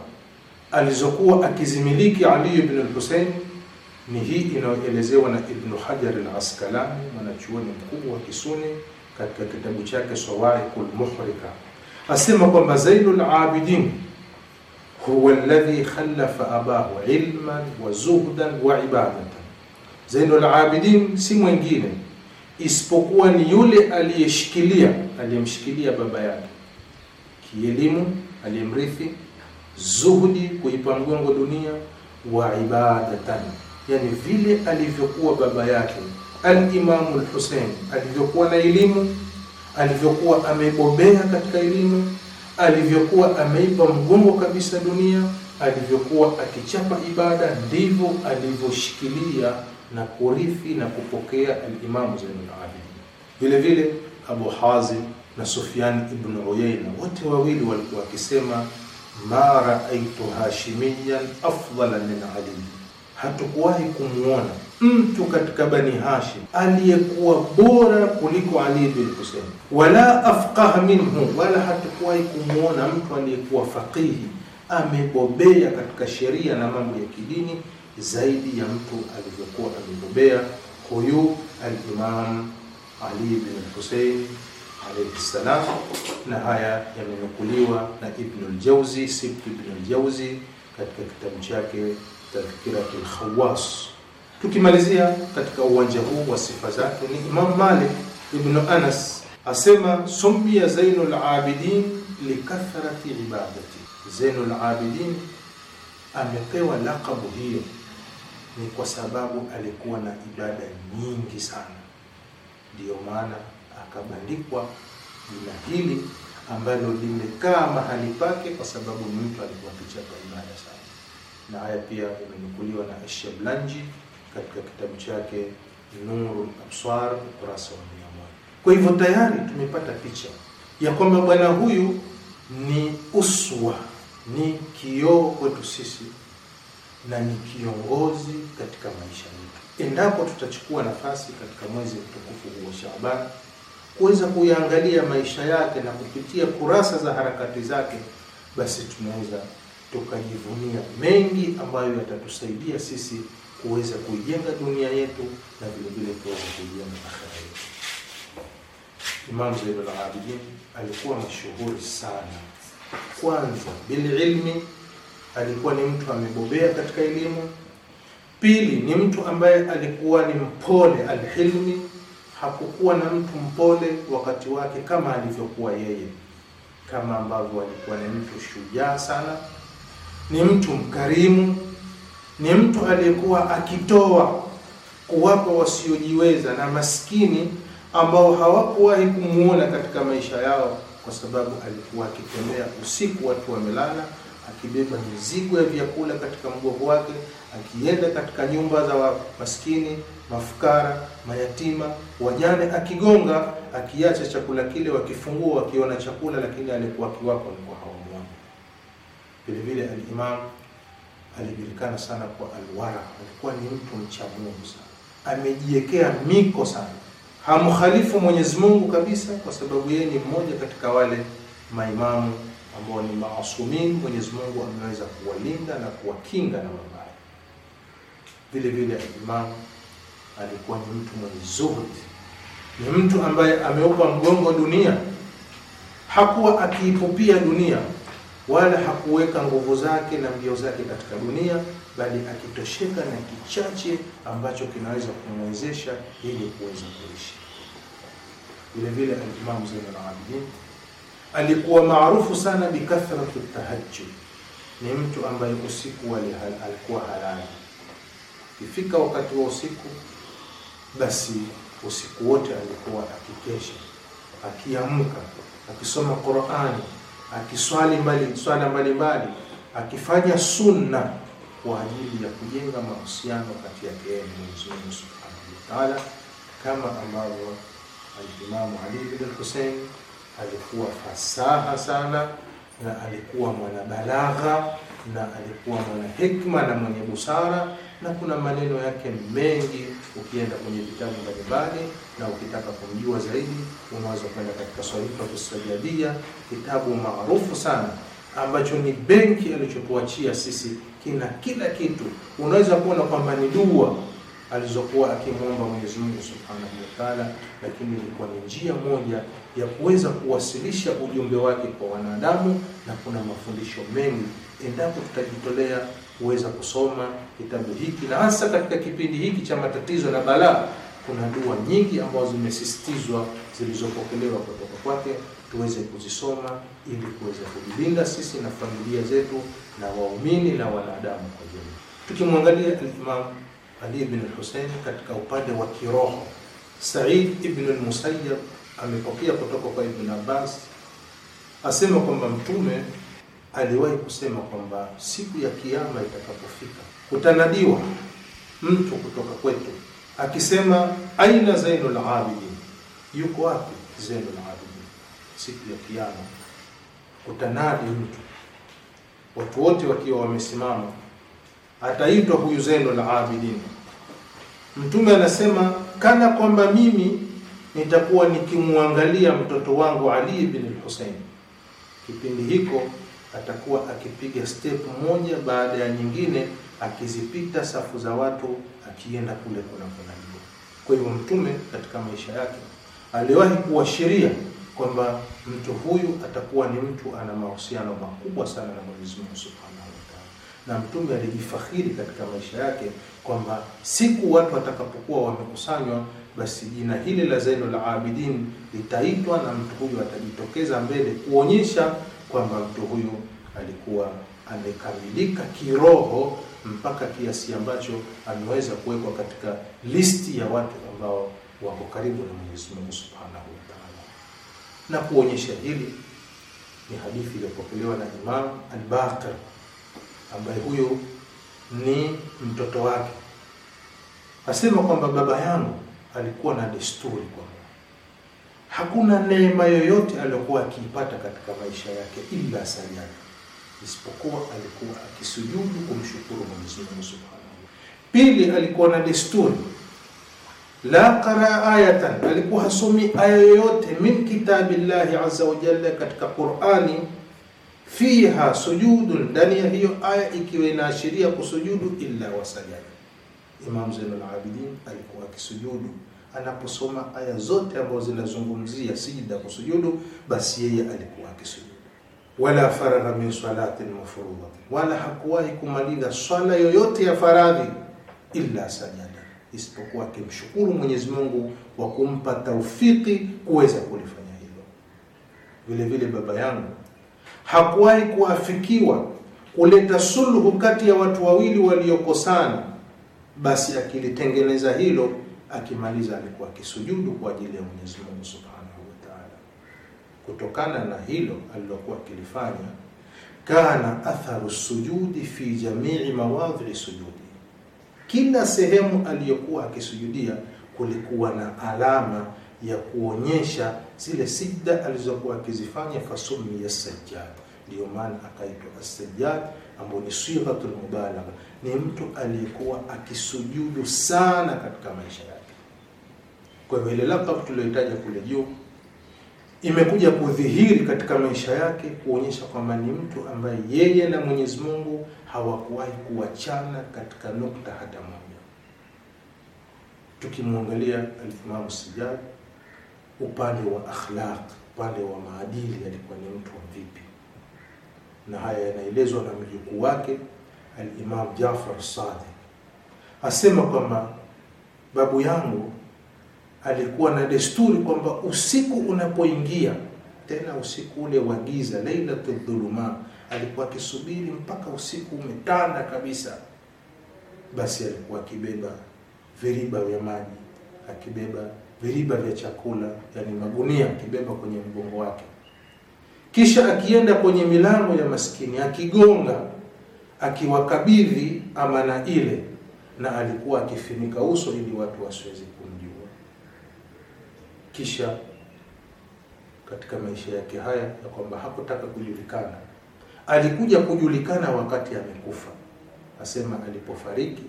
alizokuwa akizimiliki Ali ibn al-Husayn ni hii inayoelezewa na Ibn Hajar al-Asqalani, mwanachuoni mkubwa wa Kisuni, katika kitabu chake Sawa'iqul Muhrika asema kwamba Zainul Abidin huwa alladhi khalafa abahu ilman wa zuhdan wa ibadatan. Zainul Abidin si mwingine isipokuwa ni yule aliyeshikilia aliyemshikilia baba yake kielimu, aliyemrithi zuhudi, kuipa mgongo dunia, wa ibadatan, yani vile alivyokuwa baba yake Alimamu Lhusein alivyokuwa na elimu, alivyokuwa amebobea katika elimu alivyokuwa ameipa mgongo kabisa dunia, alivyokuwa akichapa ibada, ndivyo alivyoshikilia na kurithi na kupokea Alimamu Zainul Abidin. Vile vile Abu Hazim na Sufyan ibn Uyaina wote wawili walikuwa wakisema ma raaitu hashimiyan afdala min Ali, hatukuwahi kumwona mtu katika Bani Hashim aliyekuwa bora kuliko Ali bin Husein, wala afqah minhu, wala hatukuwahi kumwona mtu aliyekuwa faqihi amebobea katika sheria na mambo ya kidini zaidi ya mtu alivyokuwa amebobea huyu alimam Ali bin Husein alayhi salam. Na haya yamenukuliwa na Ibn al-Jawzi, Sibt Ibn al-Jawzi katika kitabu chake Tadhkiratul Khawas. Tukimalizia katika uwanja huu wa sifa zake, ni Imam Malik ibn Anas asema sumbia Zainul Abidin likathrati ibadati. Zainul Abidin amepewa lakabu hiyo ni kwa sababu alikuwa na ibada nyingi sana, ndiyo maana akabandikwa jina hili ambalo limekaa mahali pake, kwa sababu ni mtu alikuwa akichapa ibada sana, na haya pia imenukuliwa na blanji katika kitabu chake nuru Absar ukurasa wa mia moja. Kwa hivyo tayari tumepata picha ya kwamba bwana huyu ni uswa, ni kioo kwetu sisi na ni kiongozi katika maisha yetu, endapo tutachukua nafasi katika mwezi mtukufu huu wa Shaaban kuweza kuyaangalia maisha yake na kupitia kurasa za harakati zake, basi tunaweza tukajivunia mengi ambayo yatatusaidia sisi kuweza kujenga dunia yetu na vile vile kuweza kujenga akhera yetu. Imam Zain al-Abidin alikuwa mashuhuri sana. Kwanza bil ilmi, alikuwa ni mtu amebobea katika elimu. Pili, ni mtu ambaye alikuwa ni mpole, alhilmi. Hakukuwa na mtu mpole wakati wake kama alivyokuwa yeye, kama ambavyo alikuwa ni mtu shujaa sana, ni mtu mkarimu ni mtu aliyekuwa akitoa kuwapa wasiojiweza na maskini ambao hawakuwahi kumwona katika maisha yao, kwa sababu alikuwa akitembea usiku, watu wamelala, akibeba mizigo ya vyakula katika mgongo wake, akienda katika nyumba za maskini, mafukara, mayatima, wajane, akigonga, akiacha chakula kile, wakifungua wakiona chakula, lakini alikuwa akiwapa alikuwa hawamwona. Vile vile alimamu alijulikana sana kwa alwara, alikuwa ni mtu mcha Mungu sana, amejiwekea miko sana, hamkhalifu Mwenyezi Mungu kabisa, kwa sababu yeye ni mmoja katika wale maimamu ambao ni maasumin. Mwenyezi Mungu ameweza kuwalinda na kuwakinga na mabaya. Vile vile alimamu alikuwa ni mtu mwenye zuhud, ni mtu ambaye ameupa mgongo dunia, hakuwa akiipupia dunia wala hakuweka nguvu zake na mbio zake katika dunia, bali akitosheka na kichache ambacho kinaweza kumwezesha ili kuweza kuishi. Vile vile Alimamu Zainul Abidin alikuwa maarufu sana bikathrati tahajjud, ni mtu ambaye usiku alikuwa halali. Ikifika wakati wa usiku, basi usiku wote alikuwa akikesha, akiamka, akisoma Qurani akiswali mbali swala mbalimbali, akifanya sunna kwa ajili ya kujenga mahusiano kati yake yeye na Mwenyezi Mungu Subhanahu wa Ta'ala, kama ambavyo Alimamu Ali bin Hussein alikuwa fasaha sana na alikuwa mwana balagha na alikuwa mwana hikma na mwenye busara na kuna maneno yake mengi ukienda kwenye vitabu mbalimbali, na ukitaka kumjua zaidi unaweza kwenda katika Sarifatu Sajjadia, kitabu maarufu sana ambacho ni benki alichotuachia sisi, kina kila kitu. Unaweza kuona kwamba ni dua alizokuwa akimwomba Mwenyezi Mungu Subhanahu wa Ta'ala, lakini ilikuwa ni njia moja ya kuweza kuwasilisha ujumbe wake kwa wanadamu, na kuna mafundisho mengi endapo tutajitolea kuweza kusoma kitabu hiki, na hasa katika kipindi hiki cha matatizo na balaa, kuna dua nyingi ambazo zimesisitizwa zilizopokelewa kutoka kwake, tuweze kuzisoma ili kuweza kujilinda sisi na familia zetu na waumini na wanadamu kwa jumla. Tukimwangalia Imam Ali ibn Hussein katika upande wa kiroho, Said ibn al-Musayyab amepokea kutoka kwa Ibn Abbas asema kwamba Mtume aliwahi kusema kwamba siku ya Kiyama itakapofika kutanadiwa mtu kutoka kwetu akisema, aina Zainul Abidin, yuko wapi Zainul Abidin? Siku ya Kiyama kutanadi mtu, watu wote wakiwa wamesimama, ataitwa huyu Zainul Abidin. Mtume anasema kana kwamba mimi nitakuwa nikimwangalia mtoto wangu Ali bin Hussein. Kipindi hiko atakuwa akipiga step moja baada ya nyingine, akizipita safu za watu, akienda kule kunakonajua. Kwa hivyo, Mtume katika maisha yake aliwahi kuashiria kwamba mtu huyu atakuwa ni mtu ana mahusiano makubwa sana na Mwenyezi Mungu Subhanahu wa Ta'ala, na Mtume alijifakhiri katika maisha yake kwamba siku watu watakapokuwa wamekusanywa basi jina hili la Zainul Abidin litaitwa na mtu huyu atajitokeza mbele kuonyesha kwamba mtu huyu alikuwa amekamilika kiroho mpaka kiasi ambacho ameweza kuwekwa katika listi ya watu ambao wako karibu na Mwenyezi Mungu Subhanahu wa Ta'ala. Na kuonyesha hili ni hadithi iliyopokelewa na Imam Al-Baqir ambaye huyu ni mtoto wake, asema kwamba baba yangu alikuwa na desturi kwa Mungu. Hakuna neema yoyote aliyokuwa akiipata katika maisha yake ila sanyani, isipokuwa alikuwa akisujudu kumshukuru Mwenyezi Mungu Subhanahu. Pili, alikuwa na desturi la qaraa ayatan, alikuwa hasomi aya yoyote min kitabillahi azza wa jalla, katika Qur'ani fiha sujudun, ndani ya hiyo aya ikiwa inaashiria kusujudu, illa wasajada Imam Zainul Abidin alikuwa akisujudu anaposoma aya zote ambazo zinazungumzia sijida kusujudu, basi yeye alikuwa akisujudu. Wala faragha min salatin mafurudhatin, wala hakuwahi kumaliza swala yoyote ya faradhi illa sajada, isipokuwa akimshukuru Mwenyezi Mungu kwa kumpa taufiki kuweza kulifanya hilo. Vile vile baba yangu hakuwahi kuafikiwa kuleta suluhu kati ya watu wawili waliokosana basi akilitengeneza hilo, akimaliza alikuwa akisujudu kwa ajili ya Mwenyezi Mungu Subhanahu wa Ta'ala. Kutokana na hilo alilokuwa akilifanya, kana atharu sujudi fi jamii mawadhi sujudi, kila sehemu aliyokuwa akisujudia kulikuwa na alama ya kuonyesha zile sijda alizokuwa akizifanya, fasumi ya sajjad, ndio maana akaitwa as-sajjad, ambayo ni sighatul mubalagha ni mtu aliyekuwa akisujudu sana katika maisha yake. Kwa hivyo ile laptop tuliyoitaja kule juu imekuja kudhihiri katika maisha yake kuonyesha kwamba ni mtu ambaye yeye na Mwenyezi Mungu hawakuwahi kuachana katika nukta hata moja. Tukimwangalia Al-Imam Sijjad upande wa akhlaq, upande wa maadili, alikuwa ni mtu wa vipi, na haya yanaelezwa na mjukuu wake Al-Imam Jafar Sadiq asema kwamba babu yangu alikuwa na desturi kwamba usiku unapoingia, tena usiku ule wa giza, lailatu dhuluma, alikuwa akisubiri mpaka usiku umetanda kabisa, basi alikuwa akibeba viriba vya maji, akibeba viriba vya chakula, yani magunia, akibeba kwenye mgongo wake, kisha akienda kwenye milango ya maskini akigonga akiwakabidhi amana ile, na alikuwa akifunika uso ili watu wasiwezi kumjua. Kisha katika maisha yake haya ya kwamba hakutaka kujulikana, alikuja kujulikana wakati amekufa. Asema alipofariki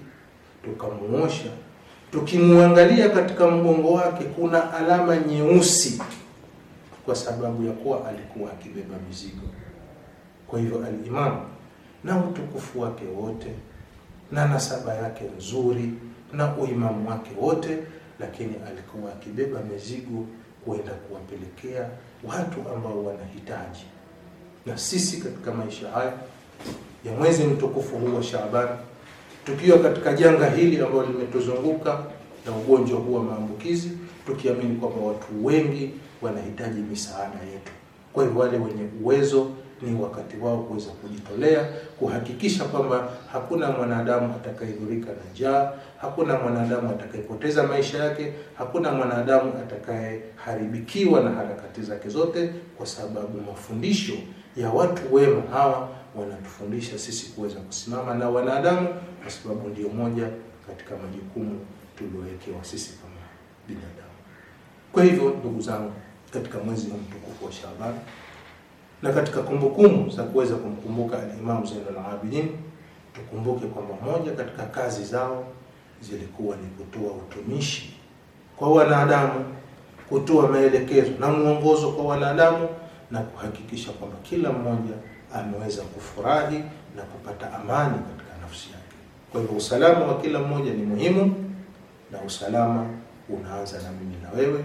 tukamuosha, tukimwangalia katika mgongo wake kuna alama nyeusi, kwa sababu ya kuwa alikuwa akibeba mizigo. Kwa hivyo, al na utukufu wake wote na nasaba yake nzuri na uimamu wake wote, lakini alikuwa akibeba mizigo kuenda kuwapelekea watu ambao wanahitaji. Na sisi katika maisha haya ya mwezi mtukufu huu wa Shaaban, tukiwa katika janga hili ambalo limetuzunguka na ugonjwa huu wa maambukizi, tukiamini kwamba watu wengi wanahitaji misaada yetu. Kwa hiyo wale wenye uwezo ni wakati wao kuweza kujitolea kuhakikisha kwamba hakuna mwanadamu atakayedhurika na njaa, hakuna mwanadamu atakayepoteza maisha yake, hakuna mwanadamu atakayeharibikiwa na harakati zake zote, kwa sababu mafundisho ya watu wema hawa wanatufundisha sisi kuweza kusimama na wanadamu, kwa sababu ndio moja katika majukumu tuliowekewa sisi kama binadamu. Kwa hivyo ndugu zangu, katika mwezi mtukufu wa Shaaban na katika kumbukumbu za kuweza kumkumbuka alimamu Zainul Abidin, tukumbuke kwamba moja katika kazi zao zilikuwa ni kutoa utumishi kwa wanadamu, kutoa maelekezo na mwongozo kwa wanadamu na kuhakikisha kwamba kila mmoja ameweza kufurahi na kupata amani katika nafsi yake. Kwa hivyo usalama wa kila mmoja ni muhimu, na usalama unaanza na mimi na wewe.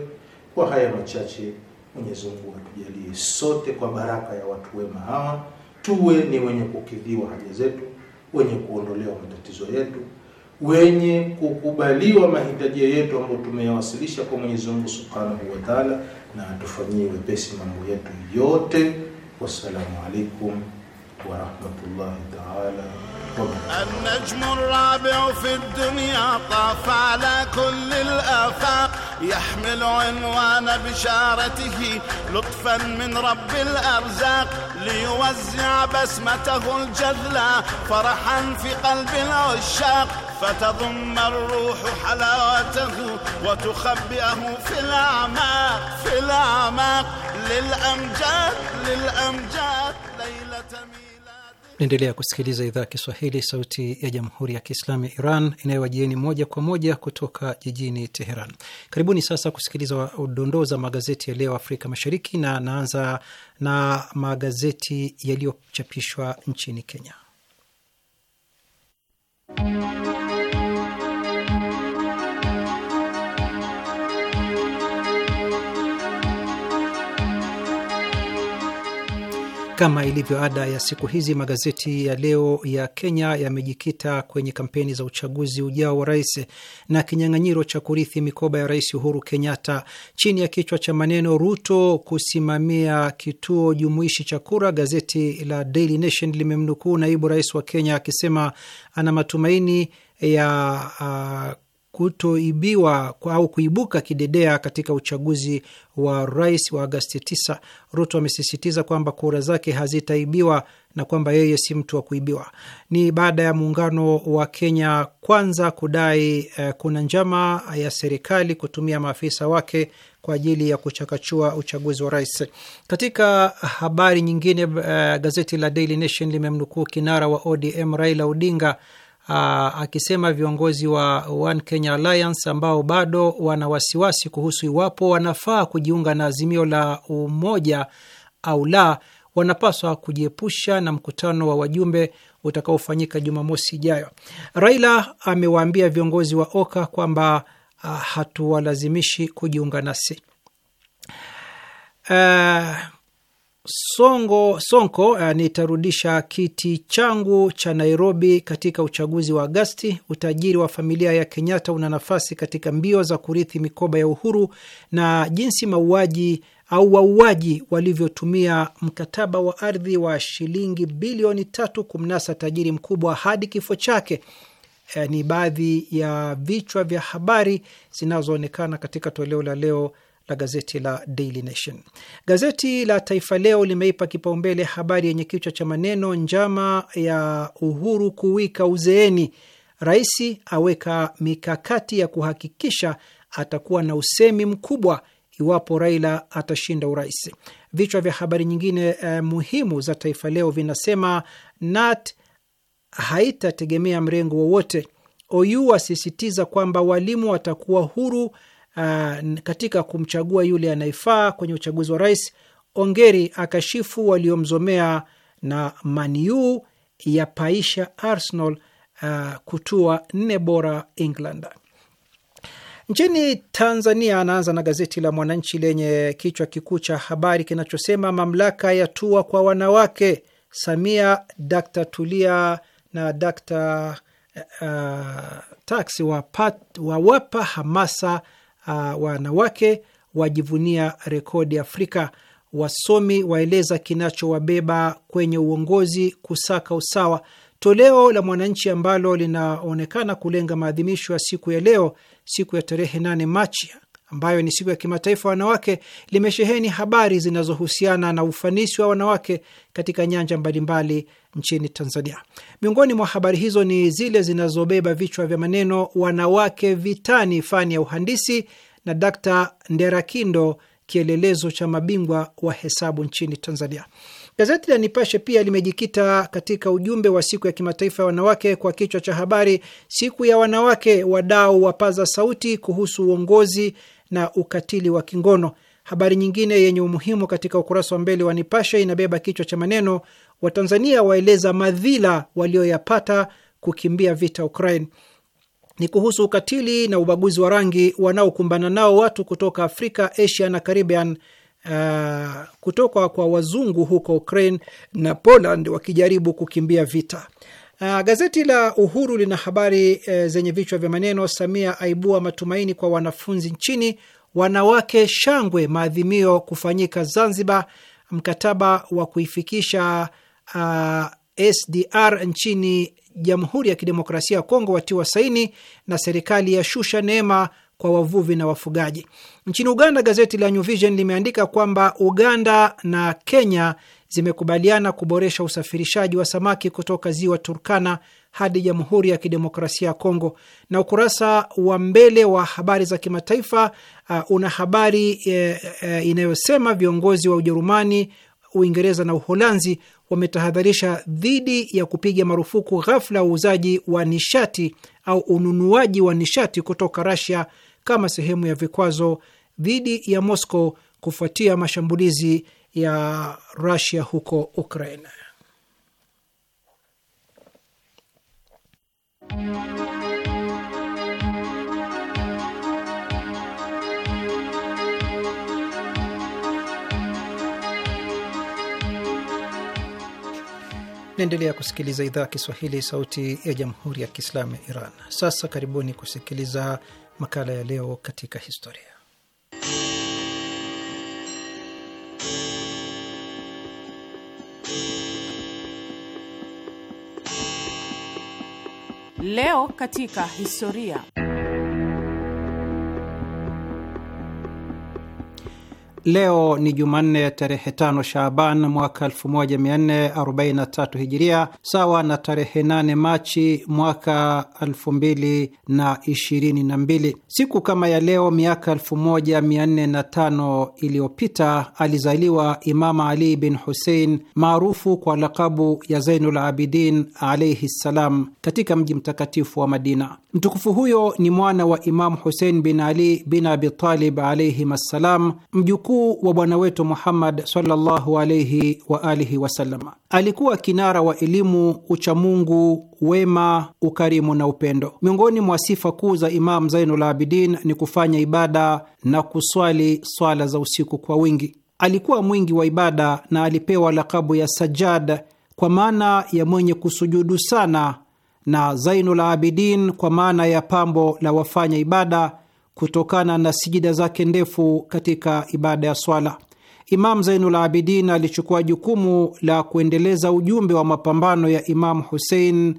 Kwa haya machache Mwenyezi Mungu atujalie sote kwa baraka ya watu wema hawa, tuwe ni wenye kukidhiwa haja zetu, wenye kuondolewa matatizo yetu, wenye kukubaliwa mahitaji yetu ambayo tumeyawasilisha kwa Mwenyezi Mungu Subhanahu wa Ta'ala, na atufanyie wepesi mambo yetu yote. Wassalamu alaikum warahmatullahi taala wabarakatuh. يحمل عنوان بشارته لطفا من رب الأرزاق ليوزع بسمته الجذلى فرحا في قلب العشاق فتضم الروح حلاوته وتخبئه في الأعماق في الأعماق للأمجاد للأمجاد ليلة مين Naendelea kusikiliza idhaa ya Kiswahili, sauti ya jamhuri ya kiislamu ya Iran inayowajieni moja kwa moja kutoka jijini Teheran. Karibuni sasa kusikiliza dondoza za magazeti ya leo Afrika Mashariki, na naanza na magazeti yaliyochapishwa nchini Kenya. Kama ilivyo ada ya siku hizi, magazeti ya leo ya Kenya yamejikita kwenye kampeni za uchaguzi ujao wa rais na kinyang'anyiro cha kurithi mikoba ya Rais Uhuru Kenyatta chini ya kichwa cha maneno Ruto kusimamia kituo jumuishi cha kura. Gazeti la Daily Nation limemnukuu naibu rais wa Kenya akisema ana matumaini ya uh, kutoibiwa au kuibuka kidedea katika uchaguzi wa rais wa Agasti 9. Ruto amesisitiza kwamba kura zake hazitaibiwa na kwamba yeye si mtu wa kuibiwa. Ni baada ya muungano wa Kenya Kwanza kudai eh, kuna njama ya serikali kutumia maafisa wake kwa ajili ya kuchakachua uchaguzi wa rais. Katika habari nyingine, eh, gazeti la Daily Nation limemnukuu kinara wa ODM Raila Odinga uh, akisema viongozi wa One Kenya Alliance ambao bado wana wasiwasi kuhusu iwapo wanafaa kujiunga na azimio la umoja au la, wanapaswa kujiepusha na mkutano wa wajumbe utakaofanyika Jumamosi ijayo. Raila amewaambia viongozi wa OKA kwamba hatuwalazimishi kujiunga nasi. Uh, Songo, Sonko uh, nitarudisha kiti changu cha Nairobi katika uchaguzi wa Agasti. Utajiri wa familia ya Kenyatta una nafasi katika mbio za kurithi mikoba ya uhuru na jinsi mauaji au wauaji walivyotumia mkataba wa ardhi wa shilingi bilioni tatu kumnasa tajiri mkubwa hadi kifo chake. uh, ni baadhi ya vichwa vya habari zinazoonekana katika toleo la leo la gazeti la Daily Nation. Gazeti la Taifa Leo limeipa kipaumbele habari yenye kichwa cha maneno njama ya Uhuru kuwika uzeeni, rais aweka mikakati ya kuhakikisha atakuwa na usemi mkubwa iwapo Raila atashinda urais. Vichwa vya habari nyingine eh, muhimu za Taifa Leo vinasema nat haitategemea mrengo wowote, OU asisitiza kwamba walimu watakuwa huru Ah, katika kumchagua yule anayefaa kwenye uchaguzi wa rais. Ongeri akashifu waliomzomea na Maniu ya paisha Arsenal aa, ah, kutua nne bora England. Nchini Tanzania anaanza na gazeti la Mwananchi lenye kichwa kikuu cha habari kinachosema mamlaka yatua kwa wanawake, Samia, Dkt Tulia na Dkt uh, ah, taksi wawapa hamasa uh, wanawake wajivunia rekodi Afrika. Wasomi waeleza kinachowabeba kwenye uongozi, kusaka usawa. Toleo la Mwananchi ambalo linaonekana kulenga maadhimisho ya siku ya leo, siku ya tarehe 8 Machi, ambayo ni siku ya kimataifa wanawake, limesheheni habari zinazohusiana na ufanisi wa wanawake katika nyanja mbalimbali nchini Tanzania. Miongoni mwa habari hizo ni zile zinazobeba vichwa vya maneno wanawake vitani fani ya uhandisi na Dr. Nderakindo kielelezo cha mabingwa wa hesabu nchini Tanzania. Gazeti la Nipashe pia limejikita katika ujumbe wa siku ya kimataifa ya wanawake kwa kichwa cha habari, siku ya wanawake, wadau wapaza sauti kuhusu uongozi na ukatili wa kingono. Habari nyingine yenye umuhimu katika ukurasa wa mbele wa Nipashe inabeba kichwa cha maneno Watanzania waeleza madhila walioyapata kukimbia vita Ukraine. Ni kuhusu ukatili na ubaguzi wa rangi wanaokumbana nao watu kutoka Afrika, Asia na Caribbean, uh, kutoka kwa wazungu huko Ukraine na Poland wakijaribu kukimbia vita. Uh, gazeti la Uhuru lina habari e, zenye vichwa vya maneno: Samia aibua matumaini kwa wanafunzi nchini, wanawake shangwe, maadhimio kufanyika Zanzibar, mkataba wa kuifikisha a, uh, SDR nchini Jamhuri ya Kidemokrasia ya Kongo watiwa saini, na serikali ya shusha neema kwa wavuvi na wafugaji. Nchini Uganda, gazeti la New Vision limeandika kwamba Uganda na Kenya zimekubaliana kuboresha usafirishaji wa samaki kutoka ziwa Turkana hadi Jamhuri ya Kidemokrasia ya Kongo. Na ukurasa wa mbele wa habari za kimataifa uh, una habari e, e, inayosema viongozi wa Ujerumani, Uingereza na Uholanzi wametahadharisha dhidi ya kupiga marufuku ghafla ya uuzaji wa nishati au ununuaji wa nishati kutoka Russia kama sehemu ya vikwazo dhidi ya Moscow kufuatia mashambulizi ya rusia huko Ukraine. Naendelea kusikiliza idhaa ya Kiswahili, sauti ya jamhuri ya kiislamu ya Iran. Sasa karibuni kusikiliza makala ya leo katika historia. Leo katika historia. Leo ni Jumanne tarehe tano Shaaban mwaka 1443 Hijiria, sawa na tarehe 8 Machi mwaka 2022. Siku kama ya leo miaka 1405 iliyopita alizaliwa Imama Ali bin Husein maarufu kwa lakabu ya Zainul Abidin alaihi ssalam katika mji mtakatifu wa Madina. Mtukufu huyo ni mwana wa Imamu Husein bin Ali bin Abitalib alaihim assalam, mjukuu mjukuu wa bwana wetu Muhammad sallallahu wa alihi Alikuwa kinara wa elimu, uchamungu, wema, ukarimu na upendo. Miongoni mwa sifa kuu za imamu Zainul Abidin ni kufanya ibada na kuswali swala za usiku kwa wingi. Alikuwa mwingi wa ibada na alipewa lakabu ya Sajad kwa maana ya mwenye kusujudu sana, na Zainul Abidin kwa maana ya pambo la wafanya ibada kutokana na sijida zake ndefu katika ibada ya swala. Imam Zainul Abidin alichukua jukumu la kuendeleza ujumbe wa mapambano ya Imamu Husein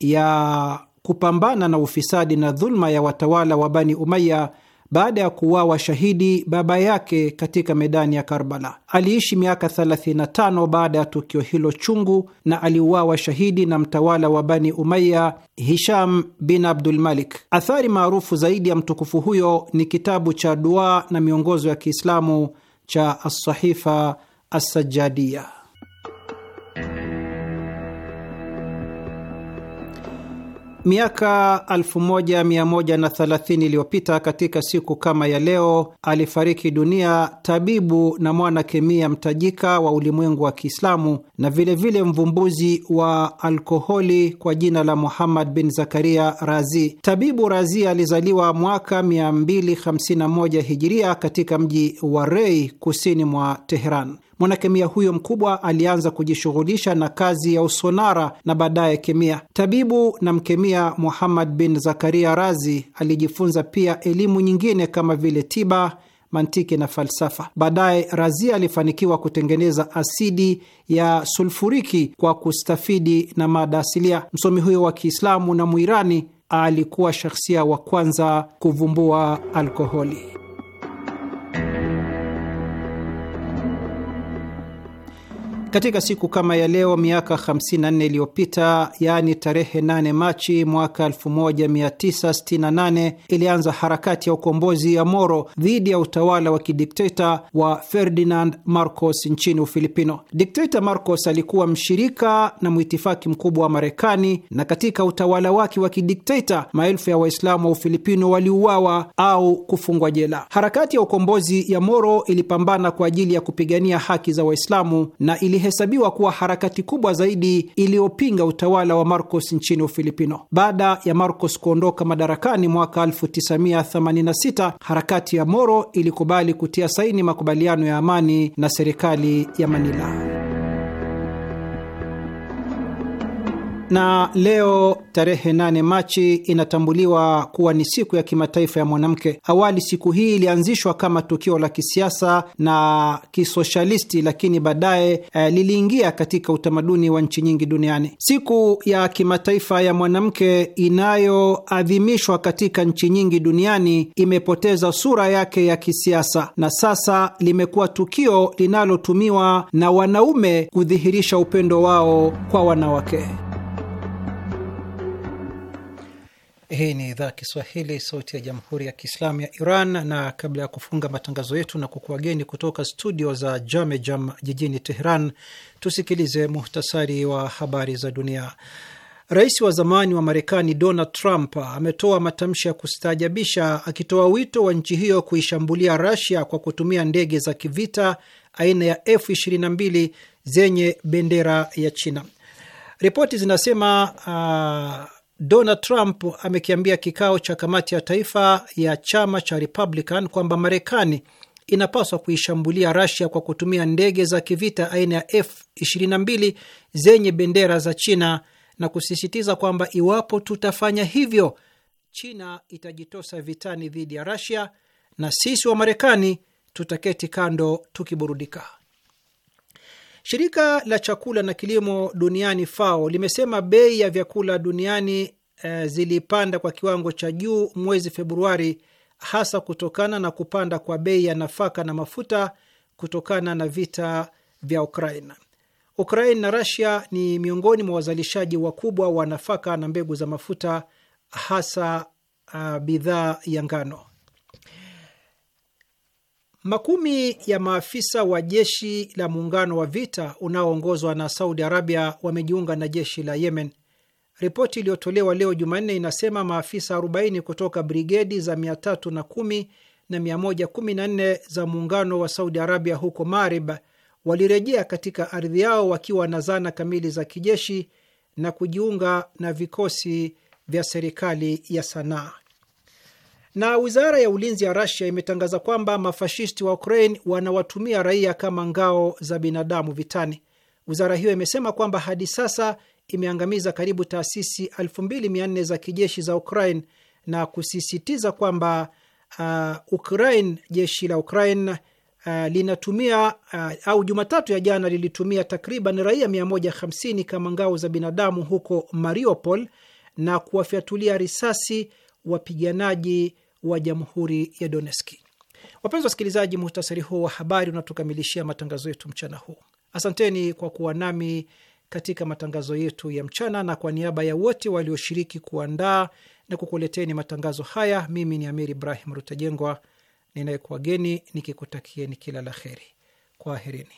ya kupambana na ufisadi na dhuluma ya watawala wa Bani Umaya baada ya kuuawa shahidi baba yake katika medani ya Karbala. Aliishi miaka 35 baada ya tukio hilo chungu, na aliuawa shahidi na mtawala wa Bani Umaya, Hisham bin Abdulmalik. Athari maarufu zaidi ya mtukufu huyo ni kitabu cha dua na miongozo ya Kiislamu cha Assahifa Assajadia. Miaka 1130 iliyopita katika siku kama ya leo alifariki dunia tabibu na mwana kemia mtajika wa ulimwengu wa Kiislamu na vilevile vile mvumbuzi wa alkoholi kwa jina la Muhammad bin Zakaria Razi. Tabibu Razi alizaliwa mwaka 251 hijiria katika mji wa Rei kusini mwa Teheran. Mwanakemia huyo mkubwa alianza kujishughulisha na kazi ya usonara na baadaye kemia. Tabibu na mkemia Muhammad bin Zakaria Razi alijifunza pia elimu nyingine kama vile tiba mantiki na falsafa. Baadaye razi alifanikiwa kutengeneza asidi ya sulfuriki kwa kustafidi na mada asilia. Msomi huyo wa Kiislamu na Mwirani alikuwa shakhsia wa kwanza kuvumbua alkoholi. Katika siku kama ya leo miaka 54 iliyopita, yaani tarehe 8 Machi mwaka 1968 ilianza harakati ya ukombozi ya Moro dhidi ya utawala wa kidikteta wa Ferdinand Marcos nchini Ufilipino. Dikteta Marcos alikuwa mshirika na mwitifaki mkubwa wa Marekani, na katika utawala wake wa kidikteta maelfu ya Waislamu wa Ufilipino waliuawa au kufungwa jela. Harakati ya ukombozi ya Moro ilipambana kwa ajili ya kupigania haki za Waislamu na ili ilihesabiwa kuwa harakati kubwa zaidi iliyopinga utawala wa Marcos nchini Ufilipino. Baada ya Marcos kuondoka madarakani mwaka 1986, harakati ya Moro ilikubali kutia saini makubaliano ya amani na serikali ya Manila. na leo tarehe 8 Machi inatambuliwa kuwa ni siku ya kimataifa ya mwanamke. Awali siku hii ilianzishwa kama tukio la kisiasa na kisoshalisti, lakini baadaye eh, liliingia katika utamaduni wa nchi nyingi duniani. Siku ya kimataifa ya mwanamke inayoadhimishwa katika nchi nyingi duniani imepoteza sura yake ya kisiasa na sasa limekuwa tukio linalotumiwa na wanaume kudhihirisha upendo wao kwa wanawake. Hii ni idhaa Kiswahili, sauti ya jamhuri ya kiislamu ya Iran. Na kabla ya kufunga matangazo yetu na kukuageni kutoka studio za Jamejam jijini Teheran, tusikilize muhtasari wa habari za dunia. Rais wa zamani wa Marekani Donald Trump ametoa matamshi ya kustaajabisha akitoa wito wa nchi hiyo kuishambulia Rasia kwa kutumia ndege za kivita aina ya F22 zenye bendera ya China. Ripoti zinasema uh, Donald Trump amekiambia kikao cha kamati ya taifa ya chama cha Republican kwamba Marekani inapaswa kuishambulia Rasia kwa kutumia ndege za kivita aina ya F22 zenye bendera za China na kusisitiza kwamba iwapo tutafanya hivyo, China itajitosa vitani dhidi ya Rasia na sisi wa Marekani tutaketi kando tukiburudika. Shirika la chakula na kilimo duniani FAO limesema bei ya vyakula duniani e, zilipanda kwa kiwango cha juu mwezi Februari, hasa kutokana na kupanda kwa bei ya nafaka na mafuta kutokana na vita vya Ukraina. Ukraine na rasia ni miongoni mwa wazalishaji wakubwa wa nafaka na mbegu za mafuta hasa uh, bidhaa ya ngano. Makumi ya maafisa wa jeshi la muungano wa vita unaoongozwa na Saudi Arabia wamejiunga na jeshi la Yemen. Ripoti iliyotolewa leo Jumanne inasema maafisa 40 kutoka brigedi za 310 na 114 za muungano wa Saudi Arabia huko Marib walirejea katika ardhi yao wakiwa na zana kamili za kijeshi na kujiunga na vikosi vya serikali ya Sanaa. Na wizara ya ulinzi ya Rasia imetangaza kwamba mafashisti wa Ukraine wanawatumia raia kama ngao za binadamu vitani. Wizara hiyo imesema kwamba hadi sasa imeangamiza karibu taasisi 2400 za kijeshi za Ukraine na kusisitiza kwamba uh, Ukraine, jeshi la Ukraine uh, linatumia uh, au Jumatatu ya jana lilitumia takriban raia 150 kama ngao za binadamu huko Mariupol na kuwafyatulia risasi wapiganaji wa jamhuri ya Doneski. Wapenzi wasikilizaji, muhtasari huu wa habari unatukamilishia matangazo yetu mchana huu. Asanteni kwa kuwa nami katika matangazo yetu ya mchana, na kwa niaba ya wote walioshiriki kuandaa na kukuleteni matangazo haya, mimi ni Amir Ibrahim Rutajengwa ninayekuwageni nikikutakieni kila la heri. Kwaherini.